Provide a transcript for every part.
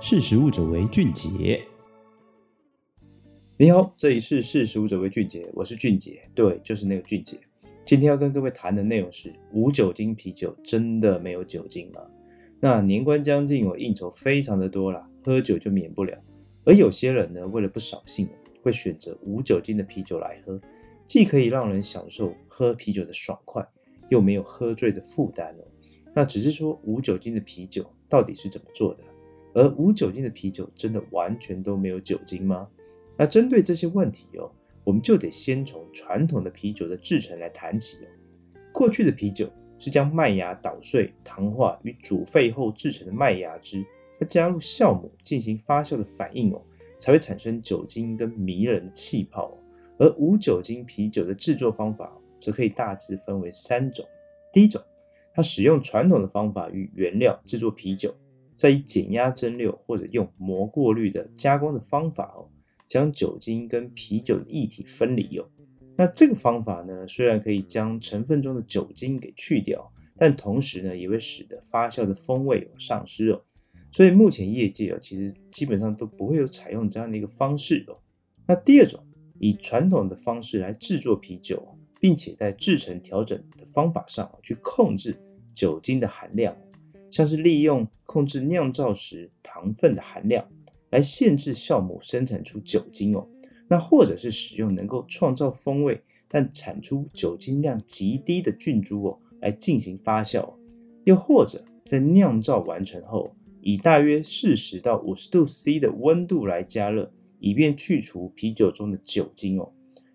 識食物者為俊傑。你好，這裡是識食物者為俊傑，我是俊傑，對，就是那個俊傑。今天要跟各位談的內容是：無酒精啤酒真的沒有酒精嗎？那年關將近，我應酬非常的多啦，喝酒就免不了。而有些人呢，為了不掃興，會選擇無酒精的啤酒來喝，既可以讓人享受喝啤酒的爽快，又沒有喝醉的負擔哦。那只是說無酒精的啤酒到底是怎麼做的？而無酒精的啤酒真的完全都沒有酒精嗎？那針對這些問題哦，我們就得先從傳統的啤酒的製程來談起哦。過去的啤酒是將麥芽搗碎、糖化與煮沸後制成的麥芽汁，它加入酵母進行發酵的反應哦，才會產生酒精跟迷人的氣泡哦。而無酒精啤酒的制作方法則可以大致分為三種。第一種，它使用傳統的方法與原料制作啤酒。再以減壓蒸餾或者用膜過濾的加工的方法哦，將酒精跟啤酒的液體分離哦，那這個方法呢，雖然可以將成分中的酒精給去掉，但同時呢，也會使得發酵的風味有、哦、喪失哦。所以目前業界啊、哦，其實基本上都不會有採用這樣的一個方式哦。那第二種，以傳統的方式來製作啤酒，並且在製程調整的方法上、哦、去控制酒精的含量。像是利用控制釀造時糖分的含量，來限制酵母生產出酒精哦。那或者是使用能夠創造風味但產出酒精量極低的菌株哦，來進行發酵哦。又或者在釀造完成後，以大約四十到五十度 C 的溫度來加熱，以便去除啤酒中的酒精哦。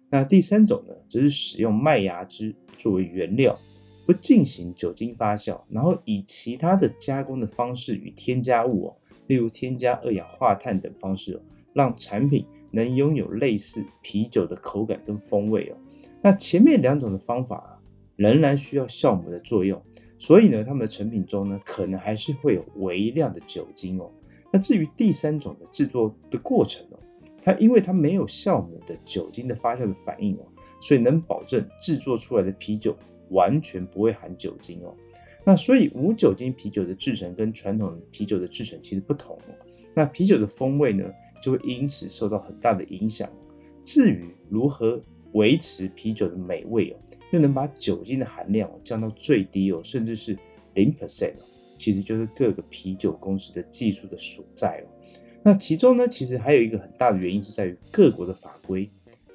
那第三種呢，則是使用麥芽汁作為原料。不進行酒精發酵，然後以其他的加工的方式與添加物哦，例如添加二氧化碳等方式哦，讓產品能擁有類似啤酒的口感跟風味哦。那前面兩種的方法啊，仍然需要酵母的作用，所以呢，他們的成品中呢，可能還是會有微量的酒精哦。那至於第三種的制作的過程哦，它因為它沒有酵母的酒精的發酵的反應哦，所以能保證制作出來的啤酒。完全不會含酒精哦、喔，那所以無酒精啤酒的製程跟傳統啤酒的製程其實不同、喔、那啤酒的風味呢就會因此受到很大的影響。至於如何維持啤酒的美味哦、喔，又能把酒精的含量降到最低哦、喔，甚至是零 percent 哦，其實就是各個啤酒公司的技術的所在哦、喔。那其中呢，其實還有一個很大的原因是在於各國的法規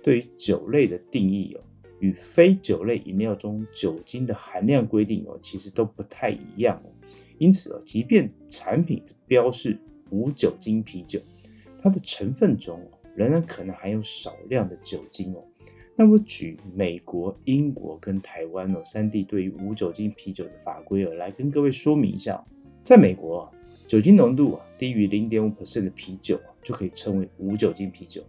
對於酒類的定義哦、喔。與非酒類飲料中酒精的含量規定哦，其實都不太一樣。因此即便產品標示無酒精啤酒，它的成分中仍然可能含有少量的酒精哦。那我舉美國、英國跟台灣哦三地對於無酒精啤酒的法規哦，來跟各位說明一下。在美國，酒精濃度啊低於零點五 percent 的啤酒就可以稱為無酒精啤酒。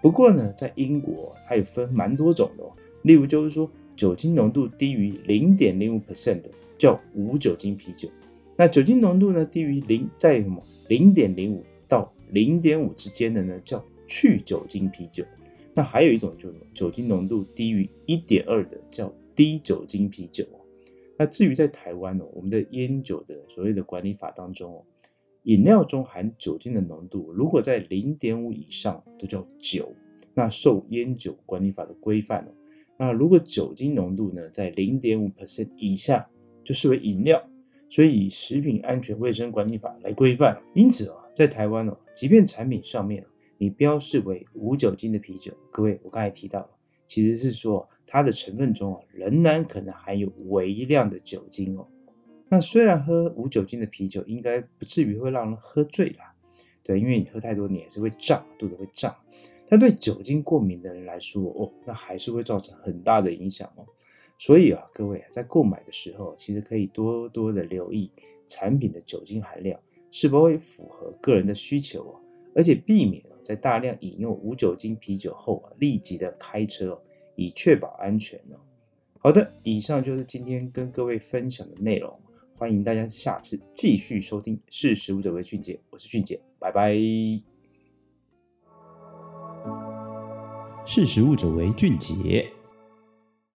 不過呢，在英國它也分蠻多種的哦。例如就是說，酒精濃度低於零點零五 percent 的叫無酒精啤酒，那酒精濃度呢低於零在什麼零點零五到零點五之間的呢叫去酒精啤酒，那還有一種就是酒精濃度低於一點二的叫低酒精啤酒。那至於在台灣呢，我們的菸酒的所謂的管理法當中哦，飲料中含酒精的濃度如果在零點五以上都叫酒，那受菸酒管理法的規範哦。那如果酒精濃度呢，在零點五%以下，就視為飲料，所以以食品安全衛生管理法來規範。因此啊，在台灣哦，即便產品上面、啊、你標示為無酒精的啤酒，各位我剛才提到了，其實是說它的成分中、啊、仍然可能含有微量的酒精哦。那雖然喝無酒精的啤酒應該不至於會讓人喝醉啦，對，因為你喝太多，你也是會脹，肚子會脹。但對酒精過敏的人來說，哦，那還是會造成很大的影響哦。所以啊，各位在購買的時候，其實可以多多的留意產品的酒精含量是否會符合個人的需求，哦，而且避免，啊，在大量飲用無酒精啤酒後，啊，立即的開車，哦，以確保安全，哦。好的，以上就是今天跟各位分享的內容，歡迎大家下次繼續收聽。識食物者為俊傑，我是俊傑，拜拜。識食物者為俊傑。